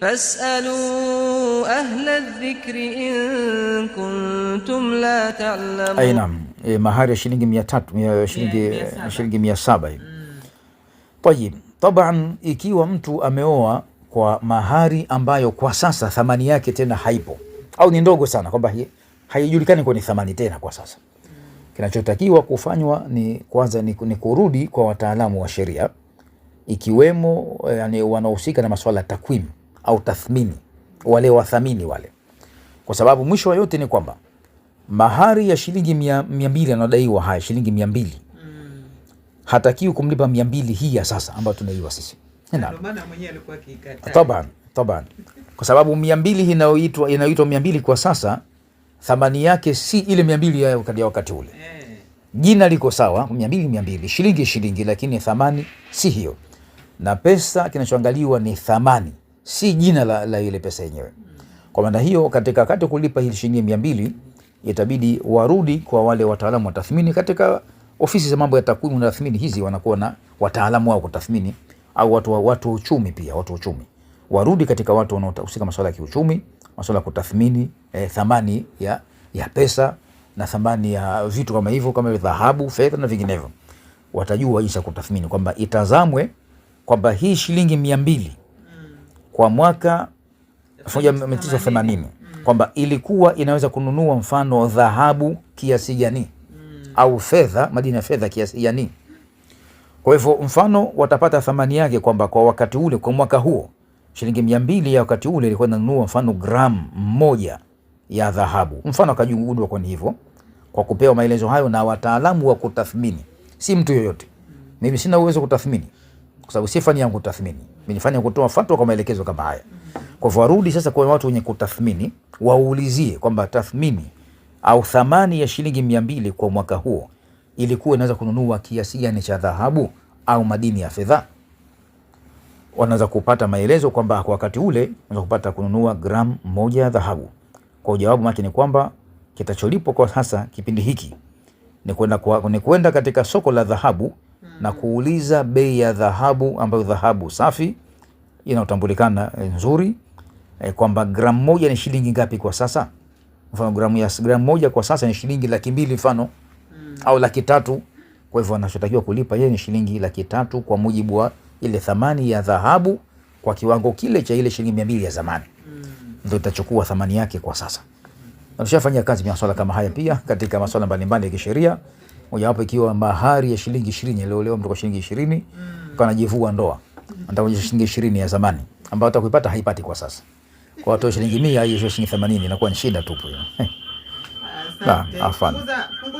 Fasalu ahla dhikri in kuntum la ta'lamun. Aina e, mahari ya shilingi mia tatu, shilingi mia saba hivi. طيب taban ikiwa mtu ameoa kwa mahari ambayo kwa sasa thamani yake tena haipo au ni ndogo sana kwamba haijulikani kwa ni thamani tena kwa sasa, kinachotakiwa kufanywa ni kwanza ni, ni kurudi kwa wataalamu wa sheria ikiwemo eh, yani, wanaohusika na masuala ya takwimu au tathmini, wale wathamini wale, kwa sababu mwisho wa yote ni kwamba mahari ya shilingi mia, mia mbili anadaiwa haya shilingi mia mbili mm. hatakiwi kumlipa mia mbili hii ya sasa ambayo tunaiwa sisi taban taban, kwa sababu mia mbili inayoitwa inayoitwa mia mbili kwa sasa thamani yake si ile mia mbili ya wakati ule yeah. Jina liko sawa, mia mbili mia mbili, shilingi shilingi, lakini thamani si hiyo, na pesa kinachoangaliwa ni thamani si jina la, la ile pesa yenyewe. Kwa maana hiyo katika kati kulipa hii shilingi mia mbili itabidi warudi kwa wale wataalamu wa tathmini katika ofisi za mambo ya takwimu na tathmini hizi, wanakuwa na wataalamu wao kutathmini, au watu wa watu uchumi, pia watu uchumi warudi katika watu wanaohusika masuala ya kiuchumi, masuala ya kutathmini eh, thamani ya, ya pesa na thamani ya vitu kama hivyo, kama dhahabu, fedha na vinginevyo, watajua jinsi ya kutathmini kwamba itazamwe kwamba hii shilingi mia mbili kwa mwaka 1980 kwamba ilikuwa inaweza kununua mfano dhahabu kiasi gani mm. au fedha, madini ya fedha kiasi gani. Kwa hivyo mfano watapata thamani yake kwamba kwa wakati ule, kwa mwaka huo, shilingi mia mbili ya wakati ule ilikuwa inanunua mfano gramu moja ya dhahabu. Mfano akajugudwa kwani hivyo, kwa kupewa maelezo hayo na wataalamu wa kutathmini, si mtu yoyote. Mimi sina uwezo kutathmini kwa sababu sifa ni yangu kutathmini imenifanya kutoa fatwa kwa maelekezo kama haya. Kwa hivyo warudi sasa kwa watu wenye kutathmini, waulizie kwamba tathmini au thamani ya shilingi mia mbili kwa mwaka huo ilikuwa inaweza kununua kiasi gani cha dhahabu au madini ya fedha. Wanaweza kupata maelezo kwamba kwa wakati ule unaweza kupata kununua gramu moja ya dhahabu. Kwa ujawabu wake ni kwamba kitacholipwa kwa sasa kipindi hiki ni kwenda katika soko la dhahabu na kuuliza bei ya dhahabu ambayo dhahabu safi inayotambulikana eh, nzuri e, kwamba gramu moja ni shilingi ngapi kwa sasa. Mfano gramu ya gramu moja kwa sasa ni shilingi laki mbili mfano mm. au laki tatu. Kwa hivyo anachotakiwa kulipa yeye ni shilingi laki tatu kwa mujibu wa ile thamani ya dhahabu kwa kiwango kile cha ile shilingi mia mbili ya zamani mm. ndio itachukua thamani yake kwa sasa. Tushafanyia kazi maswala kama haya pia katika maswala mbalimbali ya kisheria mojawapo ikiwa mahari ya shilingi ishirini aliolewa mtu kwa shilingi ishirini mm. kanajivua ndoa ataonyesha shilingi ishirini ya zamani ambayo hata kuipata haipati kwa sasa, kwa watu shilingi mia hiyo shilingi themanini inakuwa ni shida tupu.